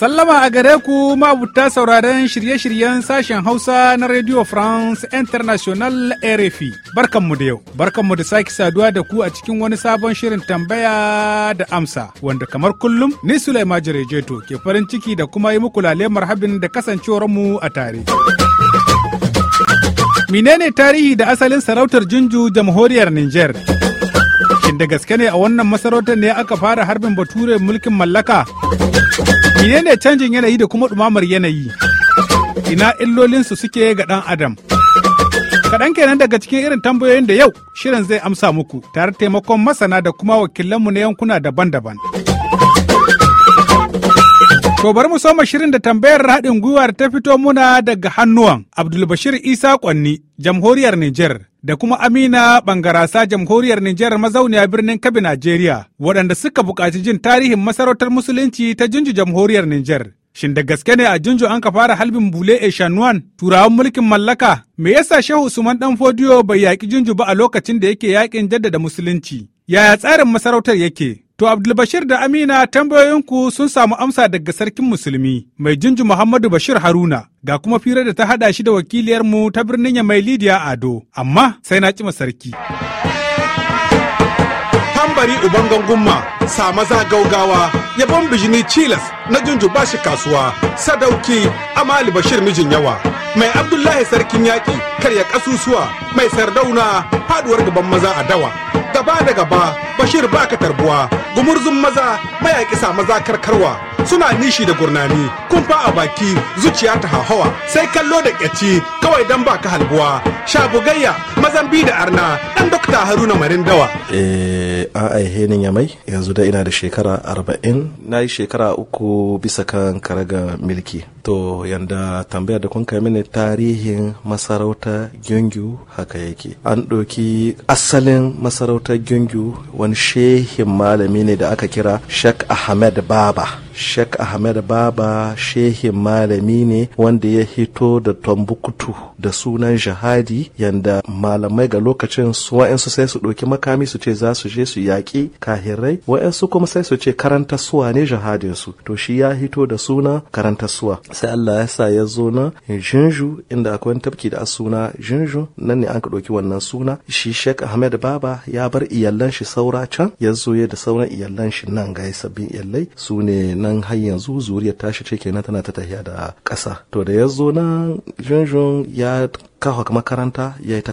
Sallama a gare ku ma'abuta sauraron shirye-shiryen sashen Hausa na Radio France International RFI. Barkanmu da yau, barkanmu da sake saduwa da ku a cikin wani sabon shirin tambaya da amsa, wanda kamar kullum ni Sulaima Jarejeto ke farin ciki da kuma yi muku lalemar habin da kasancewarmu a tare. Menene tarihi da asalin sarautar Junju jamhuriyar Nijar? Shin da gaske ne a wannan masarautar ne aka fara harbin bature mulkin mallaka? Menene canjin yanayi da kuma dumamar yanayi? Ina illolinsu suke ga ɗan Adam? Kaɗan kenan daga cikin irin tambayoyin da yau shirin zai amsa muku tare taimakon masana da kuma wakilanmu na yankuna daban-daban. To bari mu soma shirin da tambayar haɗin gwiwar ta fito muna daga hannuwan Abdulbashir Isa Kwanni, Jamhuriyar Nijar. da kuma Amina Bangarasa jamhuriyar Nijar mazauniya birnin Kabi Najeriya waɗanda suka buƙaci jin tarihin masarautar musulunci ta Junju jamhuriyar Nijar. Shin da gaske ne a Junju an ka fara halbin Bule Eshanuwan turawan mulkin mallaka? Me yasa Shehu Usman Dan Fodiyo bai yaƙi Junju ba a lokacin da yake yaƙin jaddada musulunci? Yaya tsarin masarautar yake? To Abdulbashir da Amina tambayoyinku sun samu amsa daga sarkin musulmi mai jinji Muhammadu Bashir Haruna ga kuma firar da ta hada shi da wakiliyarmu ta birnin ya mai Lidiya Ado, amma sai na kima sarki. Tambari uban sa maza gaugawa, yabon bijini cilas na junju bashi kasuwa, sadauki Amali Bashir mijin yawa. Mai Abdullahi sarkin yaƙi karya ƙasusuwa, mai sardauna faduwar gaban maza a dawa. gaba da gaba bashir baka tarbuwa gumurzun maza mayaƙi sa maza karkarwa suna nishi da gurnani kumfa a baki zuciya ta hahawa sai kallo da ƙyaci kawai dan baka halbuwa sha bugayya mazan bi da arna dan dokta haruna marindawa eh a aihe ni yamai yanzu da ina da shekara arba'in na yi shekara uku bisa kan karaga milki to yanda tambaya da kun kai mini tarihin masarauta gyongyu haka yake an ɗauki asalin masarauta ta gyungyu wani shehin malami ne da aka kira Sheikh Ahmed Baba Sheikh Ahmed Baba shehin malami ne wanda ya hito da Tombukutu da sunan jihadi yanda malamai ga lokacin su wa'ansu sai su ɗauki makami su ce za su je su yaƙi kahirai wa'ansu kuma sai su ce karanta suwa ne jihadin to shi ya hito da suna karanta suwa sai Allah ya sa ya zo na Jinju inda akwai tafki da suna Jinju nan ne an ka ɗauki wannan suna shi Sheikh Ahmed Baba ya bar iyalan shi saura can ya zo ya da sauran iyalan shi nan ga sabbin iyalai su ne nan har yanzu zuriyar tashi ce kenan tana ta tahiya da ƙasa to da ya zo nan junjun ya kawo makaranta ya yi ta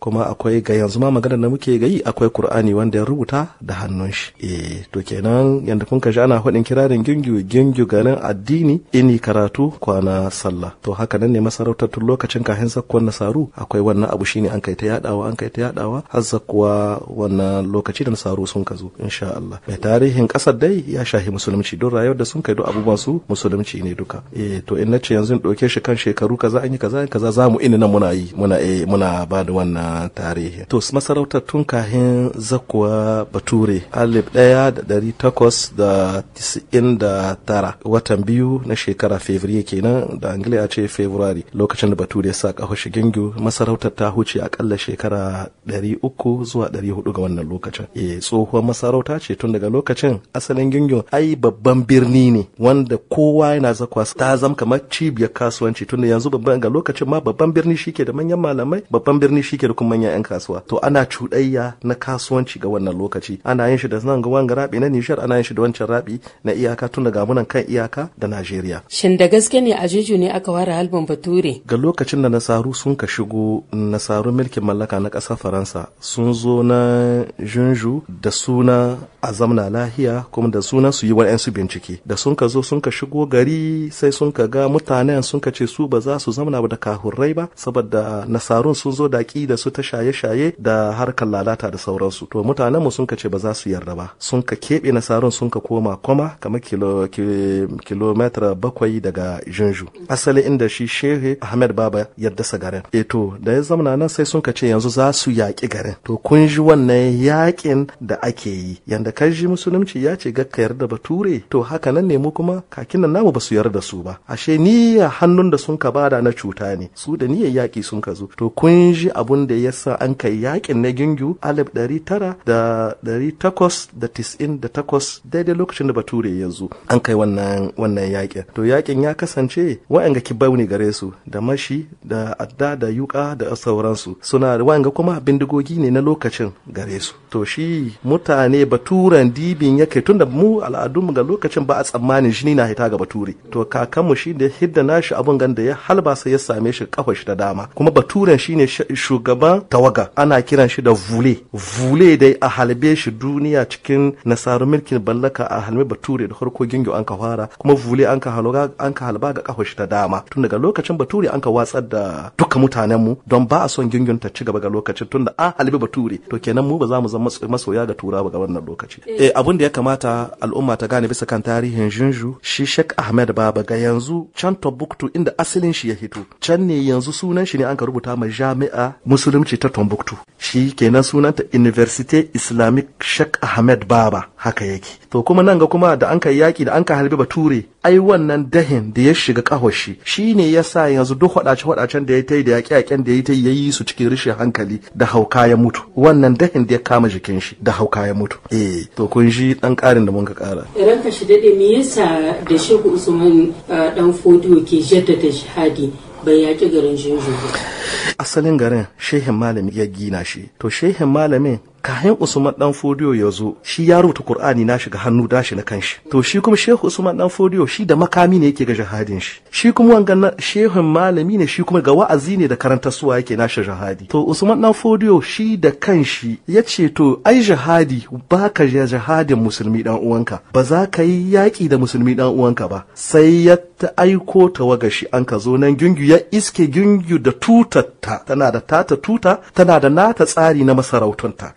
kuma akwai ga yanzu ma maganar da muke gayi akwai kur'ani wanda ya rubuta da hannun shi eh to kenan yanda kun kashi ana hudin kirarin gingiyu gingiyu ganin addini ini karatu kwana sallah to haka nan ne masarautar tun lokacin sakko na nasaru akwai wannan abu shine an kai ta yadawa an kai ta yadawa har zakkuwa wannan lokaci da nasaru sun kazo insha Allah mai tarihin kasar dai ya shahi musulunci don rayuwar da sun kai duk abubuwan su musulunci ne duka eh to in nace yanzu yanzun ɗauke shi kan shekaru kaza an yi kaza kaza zamu ina nan muna yi muna e, muna ba da wannan tarihi to masarautar tun kahin zakuwa bature alif ɗaya da ɗari takwas da tisa'in da tara watan biyu na shekara fevri kenan da angila ce february lokacin da bature ya sa ƙaho gingu masarautar ta huce akalla shekara ɗari uku zuwa ɗari hudu ga wannan lokacin e tsohuwar masarauta ce tun daga lokacin asalin gingu ai babban birni ne wanda kowa yana zakwa ta zama kamar cibiyar kasuwanci tun da yanzu babban ga lokacin ma babban birni birni shi ke da manyan malamai babban birni shi ke da kuma manyan 'yan kasuwa to ana cuɗayya na kasuwanci ga wannan lokaci ana yin shi da nan ga wanga rabi na nishar ana yin shi da wancan rabi na iyaka tun daga munan kan iyaka da najeriya shin da gaske ne a jeju ne aka ware halbin bature ga lokacin da nasaru sun ka shigo nasaru mulkin mallaka na ƙasar faransa sun zo na junju da suna a lahiya kuma da suna su yi wa'yansu bincike da sun ka zo sun ka shigo gari sai sun ka ga mutanen sun ka ce su ba za su zamna da kahurrai ba saboda nasarun sun zo da da su ta shaye-shaye da harkar lalata da sauransu to mutanenmu sun ka ce ba za su yarda ba sun ka keɓe nasarun sun ka koma koma kamar kilomita bakwai daga jinju asali inda shi shehe ahmed baba ya dasa garin e to da ya zamana nan sai sun ka ce yanzu za su yaƙi garin to kun ji wannan yaƙin da ake yi yanda ka ji musulunci ya ce ga ka yarda ture to haka nan ne mu kuma kakin nan namu ba su yarda su ba ashe niyya hannun da sun ka bada na cuta ne su da niyya kai yaƙi sun ka zo to kun ji abun da ya sa an kai yaƙin na gingu alif ɗari tara da ɗari takwas da tis'in da takwas daidai lokacin da bature ya zo an kai wannan wannan yaƙin to yaƙin ya kasance wa'anga ki bauni gare su da mashi da adda da yuƙa da sauransu suna wa'anga kuma bindigogi ne na lokacin gare su to shi mutane baturen dibin yake tunda mu al'adunmu ga lokacin ba a tsammanin shi na hita ga bature to kakanmu shi da hidda nashi abun gan da ya halba sai ya same shi kafa shi ta dama kuma baturen shine shugaban tawaga ana kiran shi da vule vule dai a halbe shi duniya cikin nasarar mulkin ballaka a halme bature da farko gingyo an ka fara kuma vule an ka an ka halba ga kafa shi ta dama tun daga lokacin bature an ka watsar da duka mutanen mu don ba a son gingiyon ta ci gaba ga lokacin tun da a halbe bature to kenan mu ba za mu zama masoya ga turawa ga wannan lokaci eh, eh abin da ya kamata al'umma ta gane bisa kan tarihin Jinju shi shek Ahmed Baba ga yanzu can tobuktu inda asalin shi ya hito can ne yanzu su sunan shi ne an ka rubuta ma jami'a musulunci ta Tombuktu shi kenan sunan ta Université Islamic Sheikh Ahmed Baba haka yake to kuma nan ga kuma da an ka yaki da an ka halbi Bature ai wannan dahin da ya shiga kahoshi shi shine sa yanzu duk wadace wadacen da ya yi da yaƙi yaƙen da ya yayi su cikin rishin hankali da hauka ya mutu wannan dahin da ya kama jikin shi da hauka ya mutu eh to kun ji dan karin da mun ka kara ka shi dade me yasa da Shehu Usman dan eh, Fodio ke jaddada jihadi bai yaƙi garin shehu asalin garin shehin malami ya gina shi to shehin malamin kayan usman dan fodiyo ya zo shi ya rubuta qur'ani na shiga hannu dashi na kanshi to shi kuma shehu usman dan fodiyo shi da makami ne yake ga jihadin shi shi kuma shehun malami ne shi kuma ga wa'azi ne da karantar suwa yake nashi jihadi to usman dan fodiyo shi da kanshi ya ce to ai jihadi ba ka jihadin musulmi dan uwanka ba za ka yi yaƙi da musulmi dan uwanka ba sai ya ta aiko waga shi an ka zo nan gungu ya iske gungu da tutatta tana da tata tuta tana da nata tsari na masarautunta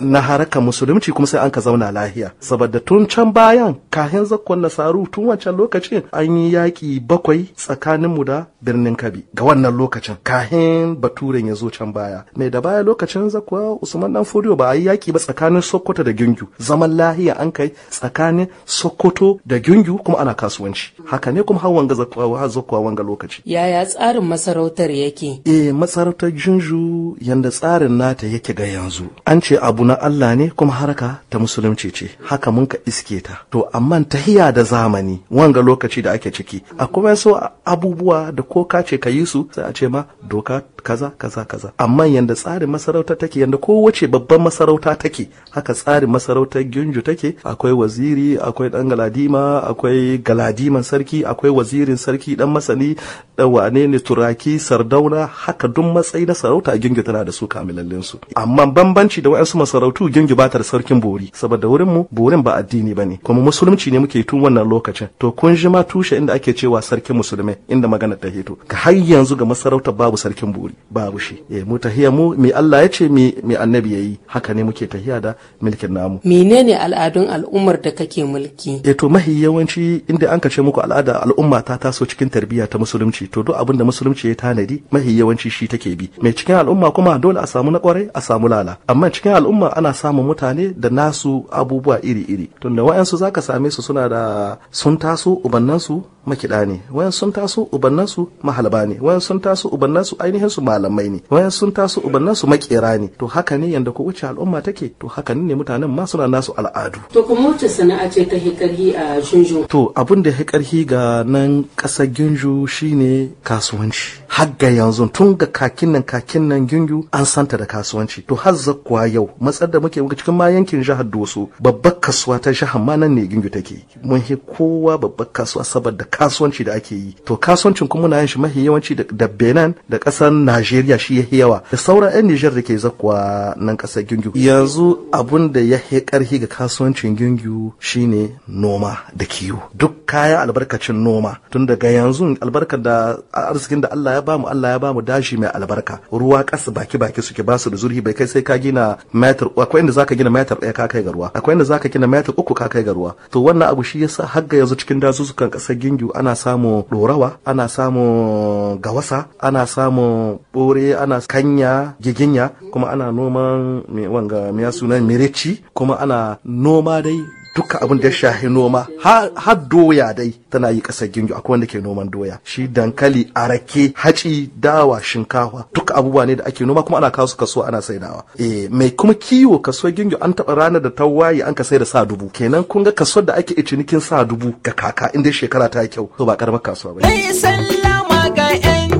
na haraka musulunci kuma sai an ka zauna lahiya saboda tun can bayan kahin zakkon nasaru tun wancan lokacin an yi yaƙi bakwai tsakanin mu da birnin kabi ga wannan lokacin kahin baturen ya zo can baya mai da baya lokacin zakwa usman dan ba a yi yaƙi ba tsakanin sokoto da gyungyu zaman lahiya an kai tsakanin sokoto da gyungyu kuma ana kasuwanci haka ne kuma har wanga zakwa wanga lokaci yaya tsarin masarautar yake eh masarautar junju yanda tsarin nata yake ga yanzu an musulunci abu na Allah ne kuma haraka ta musulunci ce haka mun ka iske ta to amma tahiya da zamani wanga lokaci da ake ciki akwai wasu abubuwa da ko ka ce ka yi su sai a ce ma doka kaza kaza kaza amma yanda tsarin masarauta take yanda wace babban masarauta take haka tsarin masarautar gunju take akwai waziri akwai dan galadima akwai galadiman sarki akwai wazirin sarki dan masani da wane ne turaki sardauna haka duk matsayi na sarauta gunju tana da su kamilallin su amma bambanci da wa'ansu masarautu gingibatar sarkin bori saboda wurin mu borin ba addini bane kuma musulunci ne muke tun wannan lokacin to kun ji ma tushe inda ake cewa sarkin musulmi inda magana ta hito ka har yanzu ga masarautar babu sarkin bori babu shi eh mu tahiya mu me Allah ya ce me annabi yayi haka ne muke tahiya da mulkin namu menene al'adun al'ummar da kake mulki eh to mahi yawanci inda an kace muku al'ada al'umma ta taso cikin tarbiyya ta musulunci to duk abin da musulunci ya tanadi mahi yawanci shi take bi mai cikin al'umma kuma dole a samu na kwarai a samu lala amma cikin al'umma ana samun mutane da nasu abubuwa iri-iri tunda wa'yansu zaka same su suna da sun taso ubannansu makiɗa ne wayan sun taso ubannansu mahalba ne wayan sun taso ubannansu ainihin su malamai ne wayan sun taso ubannansu makera ne to haka ne yanda ko wuce al'umma take to haka ne mutanen ma suna nasu al'adu to kuma wuce sana'a ce ta hikarhi a junju to abin da hikarhi ga nan ƙasar ginju shine kasuwanci hagga yanzu tun ga kakin nan kakin nan gingu an santa da kasuwanci to har zakwa yau matsar da muke cikin ma yankin jihar doso babbar kasuwa ta jihar ma nan ne gingu take mun hi kowa babbar kasuwa saboda kasuwanci da ake yi to kasuwancin kuma muna yin shi mafi yawanci da benin da kasar najeriya shi ya yawa da sauran yan nijar da ke zakwa nan kasar gingu yanzu abun da ya hi karhi ga kasuwancin gingu shine noma da kiwo duk kayan albarkacin noma tun daga yanzu albarkar da arzikin da Allah ya bamu Allah ya mu dashi mai albarka ruwa kasu baki baki suke ba su da zurhi bai kai sai ka gina metar akwai inda zaka gina metar ɗaya ka kai ga ruwa akwai inda zaka gina metar uku ka kai ga ruwa to wannan abu shi yasa har ga yanzu cikin dazuzzukan ƙasar gingu ana samun dorawa ana samu gawasa ana samu bore ana kanya giginya kuma ana noman wanga miya sunan mireci kuma ana noma dai dukkan abin da ya shahi noma har doya dai tana yi ƙasar gingu akwai wanda ke noman doya shi dankali arake haci dawa shinkafa duka abubuwa ne da ake noma kuma ana kawo su kasuwa ana saidawa eh mai kuma kiwo kasuwar gingu an taba ranar da ta waye an ka sai da sa dubu kenan kun ga kasuwar da ake cinikin sa dubu ga kaka inda shekara ta yi kyau to ba karamar kasuwa ba ne. sallama ga 'yan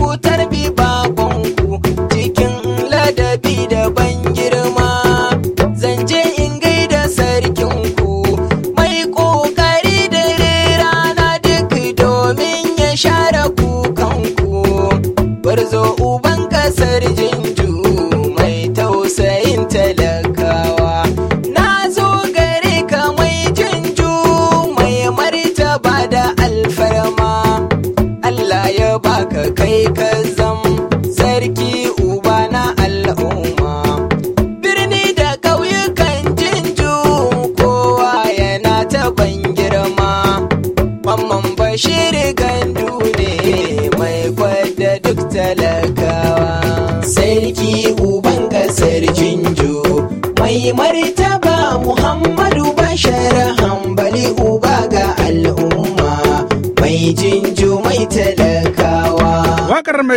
ku tarbi babanku cikin ladabi da bai kai ka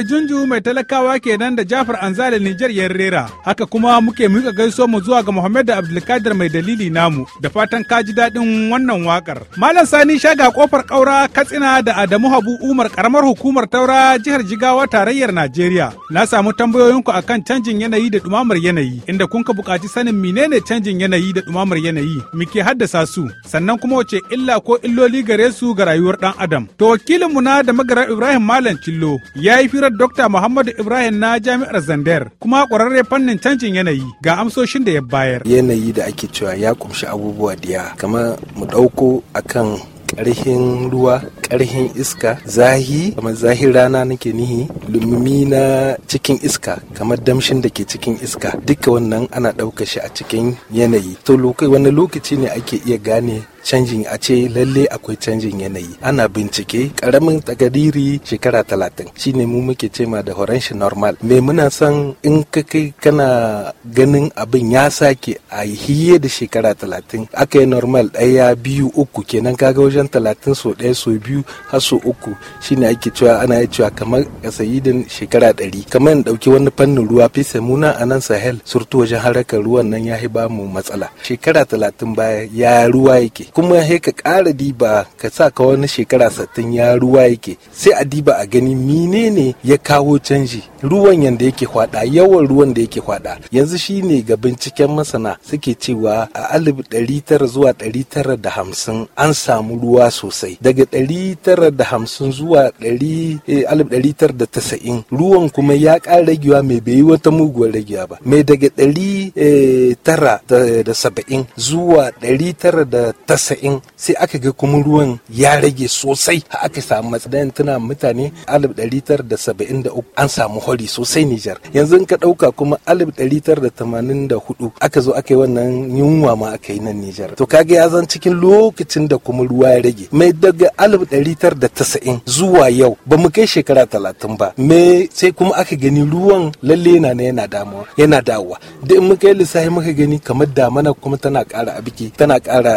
mai junju mai talakawa kenan da Jafar Anzali Nijar ya rera. Haka kuma muke muka gaiso mu zuwa ga Muhammad da Abdulkadir mai dalili namu da fatan ka ji daɗin wannan wakar. Malam Sani Shaga kofar ƙaura Katsina da Adamu Habu Umar karamar hukumar Taura jihar Jigawa tarayyar Najeriya. Na samu tambayoyinku akan canjin yanayi da dumamar yanayi inda kun ka buƙaci sanin menene canjin yanayi da dumamar yanayi muke haddasa su sannan kuma wace illa ko illoli gare su ga rayuwar ɗan adam. To wakilinmu na da magara Ibrahim Malam Cillo ya yi firar shawarar Dr. Muhammadu Ibrahim na Jami'ar zander kuma ƙwararre fannin canjin yanayi ga amsoshin da ya bayar. Yanayi da ake cewa ya kumshi abubuwa da yawa kamar mu ɗauko akan ƙarhin ruwa ƙarhin iska zahi kamar zahin rana nake nihi lumumi na cikin iska kamar damshin da ke cikin iska duka wannan ana ɗauka shi a cikin yanayi to wani lokaci ne ake iya gane canjin a ce lalle akwai canjin yanayi ana bincike karamin tagadiri shekara talatin shine mu muke cema da horon shi normal me muna son in ka kai kana ganin abin ya sake a hiye da shekara talatin aka yi normal ɗaya biyu uku kenan kaga wajen talatin so ɗaya so biyu har so uku shine ake cewa ana cewa kamar kasayidin shekara ɗari kamar in ɗauki wani fannin ruwa fisa muna a nan sahel surtu wajen harakar ruwan nan ya ba mu matsala shekara talatin baya ya ruwa yake kuma sai ka ƙara diba ka sa ka wani shekara sattin ya ruwa yake sai a diba a gani menene ya kawo canji ruwan yanda yake hwada yawan ruwan da yake hwada yanzu shine ga binciken masana suke cewa a alif ɗari tara zuwa ɗari tara da hamsin an samu ruwa sosai daga ɗari tara da hamsin zuwa eh, alif ɗari tara da tasa'in ruwan kuma ya ƙara ragewa mai bai yi wata muguwar ragewa ba mai daga ɗari eh, tara da saba'in zuwa ɗari tara da tasa'in casa'in sai aka ga kuma ruwan ya rage sosai har aka samu matsalan tuna mutane alif ɗari tara da saba'in da an samu hori sosai Nijar yanzu ka ɗauka kuma alif ɗari tara da tamanin da hudu aka zo aka yi wannan yunwa ma aka yi nan Nijar to kaga ya zan cikin lokacin da kuma ruwa ya rage mai daga alif ɗari tara da tasa'in zuwa yau ba mu kai shekara talatin ba me sai kuma aka gani ruwan lalle na na yana damuwa yana dawowa da in muka yi lissafi muka gani kamar damana kuma tana a biki tana ƙara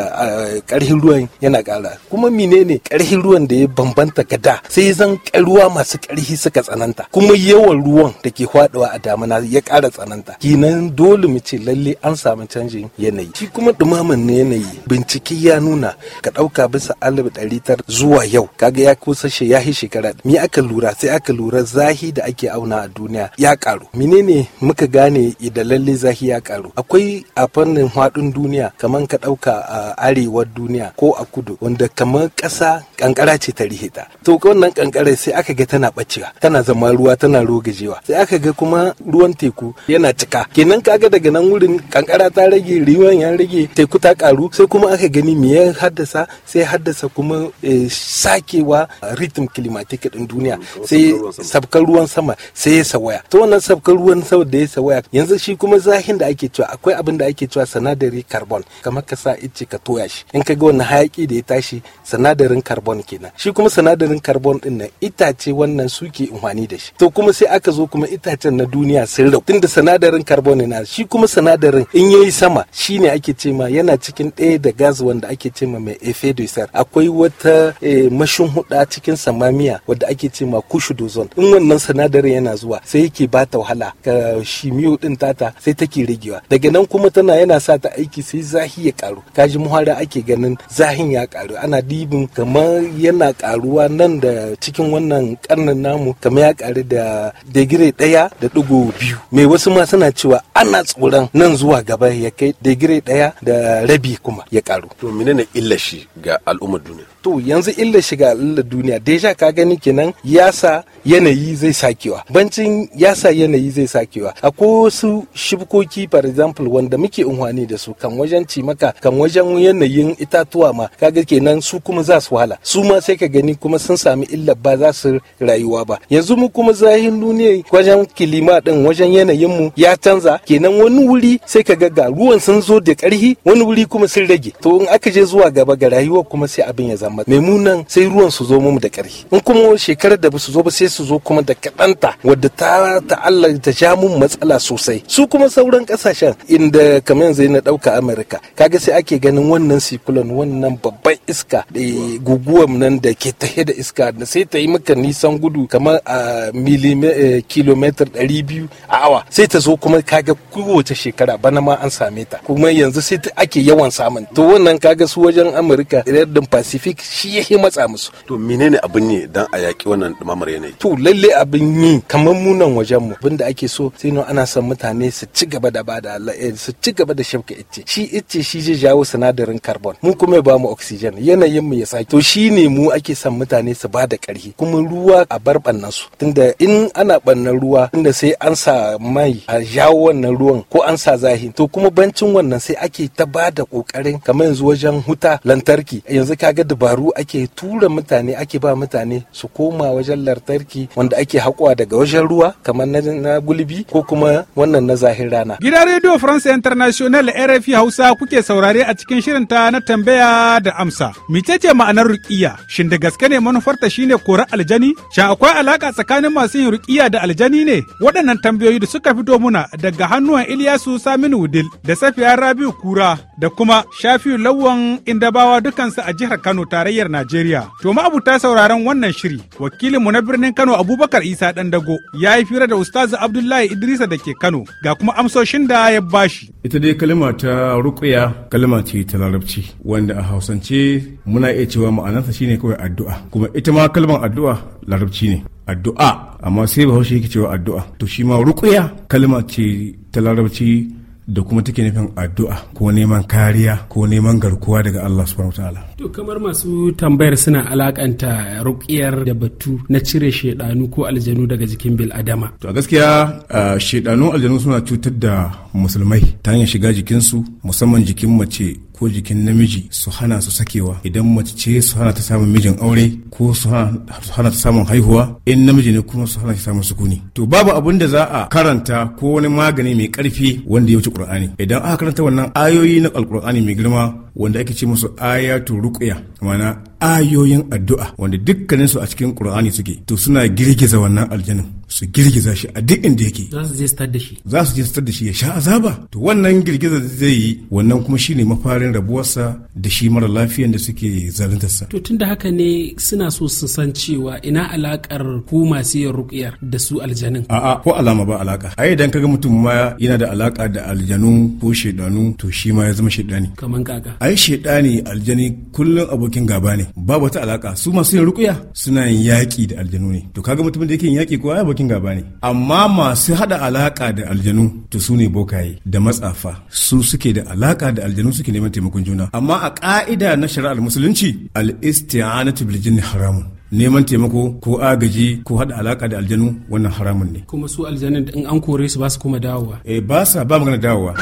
eh, karhin ruwan yana kara kuma menene karhin ruwan da ya bambanta ga da sai zan ruwa masu karhi suka tsananta kuma yawan ruwan da ke faɗuwa a damina ya kara tsananta kinan dole mu ce lalle an samu canjin yanayi shi kuma dumamin yanayi bincike ya nuna ka ɗauka bisa alif ɗari tar zuwa yau kaga ya kusa shi ya shekara me aka lura sai aka lura zahi da ake auna a duniya ya ƙaru menene muka gane idan lalle zahi ya karu akwai a fannin faɗin duniya kamar ka ɗauka a arewa gabar duniya ko a kudu wanda kamar ƙasa kankara ce ta rihita to wannan ƙanƙara sai aka ga tana bacewa tana zama ruwa tana rogejewa sai aka ga kuma ruwan teku yana cika kenan ga daga nan wurin kankara ta rage ruwan ya rage teku ta karu sai kuma aka gani me ya haddasa sai haddasa kuma eh, sakewa rhythm climatic din duniya sai sabkar ruwan sama sai ya sawaya to wannan sabkar ruwan sama da ya sawaya yanzu shi kuma zahin da ake cewa akwai abin da ake cewa sanadari carbon kamar ka sa ice ka toya shi in ka ga wannan hayaki da ya tashi sinadarin carbon kenan shi kuma sinadarin carbon din nan itace wannan suke amfani da shi to kuma sai aka zo kuma itacen na duniya sun rabu tunda sinadarin carbon na shi kuma sinadarin in yayi sama shine ake ce yana cikin ɗaya da gas wanda ake ce mai effet akwai wata eh, mashin huda cikin samamiya wadda ake ce ma kushu dozon in wannan sinadarin yana zuwa sai yake ba ta wahala ka shimiyo din tata sai take rigewa daga nan kuma tana yana sa ta aiki sai zahi ya karu kaji muhara ake ganin zahin ya karu ana dibin kamar yana karuwa nan da cikin wannan karnin namu kamar ya karu da digiri daya da digo biyu mai wasu ma suna cewa ana tsoron nan zuwa gaba ya kai digiri daya da rabi kuma ya karu to menene illa shi ga al'ummar duniya to yanzu illa shiga illa duniya deja ka gani kenan yasa yanayi zai sakewa bancin yasa yanayi zai sakewa akwai su shibkoki for example wanda muke unhwani da su kan wajen cimaka kan wajen yanayin itatuwa ma kaga kenan su kuma za su wahala su ma sai ka gani kuma sun sami illa ba za su rayuwa ba yanzu mu kuma zahin duniya wajen kilima din wajen yanayin mu ya canza kenan wani wuri sai ka ga ruwan sun zo da karhi wani wuri kuma sun rage to in aka je zuwa gaba ga rayuwa kuma sai abin ya zama matsala mu sai ruwan su zo mu da ƙarfi in kuma shekarar da su zo ba sai su zo kuma da kaɗanta wadda ta ta'alla ta ja mun matsala sosai su kuma sauran kasashen. inda kamar yanzu na ɗauka amurka kaga sai ake ganin wannan sikulon wannan babban iska da guguwar nan da ke tahe da iska da sai ta yi maka nisan gudu kamar a eh, kilometer ɗari biyu a awa sai ta zo kuma kaga kowace shekara bana ma an same ta kuma yanzu sai ake yawan samun to wannan kaga su wajen amurka yardin pacific shi ya matsa musu to menene abin yi dan a yaki wannan dumamar yanayi to lalle abin yi kamar mu nan wajen mu da ake so sai ana son mutane su ci gaba da bada Allah eh, su ci gaba da shafka ice shi ice shi zai jawo sinadarin carbon mu kuma ba mu oxygen yanayin mu ya sa to shine mu ake son mutane su bada karhi kuma ruwa a bar bannan su tunda in ana bannan ruwa tunda sai an sa mai a jawo wannan ruwan ko an sa zahi to kuma bancin wannan sai ake ta bada kokarin kamar yanzu wajen huta lantarki yanzu kaga ba. dabaru ake tura mutane ake ba mutane su koma wajen lantarki wanda ake haƙwa daga wajen ruwa kamar na gulbi ko kuma wannan na zahir rana. Gidan Radio France International RFI Hausa kuke saurare a cikin shirin ta na tambaya da amsa. Mecece ma'anar rukiya? Shin da gaske ne manufarta shine korar aljani? Shin akwai alaka tsakanin masu yin rukiya da aljani ne? Waɗannan tambayoyi da suka fito muna daga hannuwan Ilyasu Saminu Wudil da Safiya Rabiu Kura da kuma Shafiu Lawan Indabawa dukansu a jihar Kano ta tarayyar Najeriya. To ta sauraron wannan shiri, wakilinmu na birnin Kano Abubakar Isa Dandago ya yi fira da Ustazu Abdullahi Idrisa da ke Kano ga kuma amsoshin da ya bashi. Ita dai kalma ta ruƙuya kalma ce ta larabci wanda a hausance muna iya cewa ma'anarsa shine kawai addu'a kuma ita ma kalmar addu'a larabci ne. Addu'a amma sai bahaushe yake cewa addu'a to shi ma ruƙuya kalma ce ta larabci da kuma take nufin addu'a ko neman kariya ko neman garkuwa daga Allah subhanahu wataala to kamar masu tambayar suna alakanta ruqiyar da batu na cire shedanu ko aljanu daga jikin bil adama to gaskiya shedanu aljanu suna cutar da musulmai ta hanyar shiga jikinsu musamman jikin mace ko jikin namiji su hana su sakewa idan mace ce su hana ta samun mijin aure ko su hana ta samun haihuwa in namiji ne kuma su hana ta samun sukuni to babu abin da za a karanta ko wani magani mai karfi wanda ya wuce qur'ani idan aka karanta wannan ayoyi na alqur'ani mai girma wanda ake ce musu ayatu ruqya ma'ana ayoyin addu'a wanda dukkaninsu a cikin qur'ani suke to suna girgiza wannan aljanin su girgiza shi a duk inda yake za su je su da shi za su je su da shi ya sha azaba to wannan girgiza zai yi wannan kuma shine mafarin rabuwarsa da shi mara lafiyan da suke zalintarsa to tunda haka ne suna so su san cewa ina alakar ku masu yin ruqyar da su aljanin a'a ko alama ba alaka ai idan kaga mutum ma yana da alaka da aljanu ko shedanu to shi ma ya zama shedani kaman kaka ai shedani aljani kullun abokin gaba ne ba wata alaka su masu yin ruqya suna yin yaki da aljanu ne to kaga mutumin da yake yin yaki ko ai abokin abokin gaba ne amma masu hada alaka da aljanu to su ne bokaye da matsafa su suke da alaka da aljanu suke neman taimakon juna amma a ka'ida na shari'ar musulunci al-isti'anatu bil jinni neman taimako ko agaji ko hada alaka da aljanu wannan haramun ne kuma su aljanu in an kore su ba su kuma dawowa eh ba sa ba magana dawowa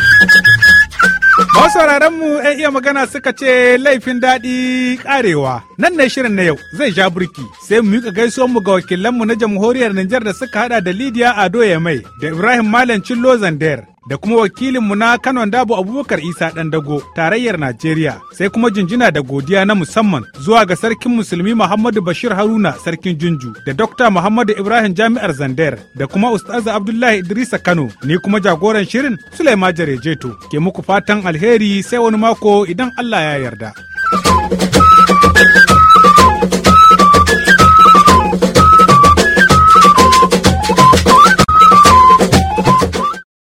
sauraron mu ‘yan iya magana suka ce laifin daɗi ƙarewa. Nan ne shirin na yau zai ja burki sai mu miƙa gaisuwan mu ga wakilanmu na jamhuriyar Nijar da suka haɗa da Lidiya Ado Yamai da Ibrahim Malam Cillo Zander da kuma wakilinmu na Kano Dabo Abubakar Isa dago tarayyar Najeriya sai kuma jinjina da godiya na musamman zuwa ga sarkin musulmi Muhammadu Bashir Haruna sarkin Junju da Dr. Muhammadu Ibrahim Jami'ar Zander da kuma Ustaza Abdullahi Idrisa Kano ni kuma jagoran shirin Sulaiman Jarejeto ke muku fatan alheri sai wani mako idan Allah ya yarda.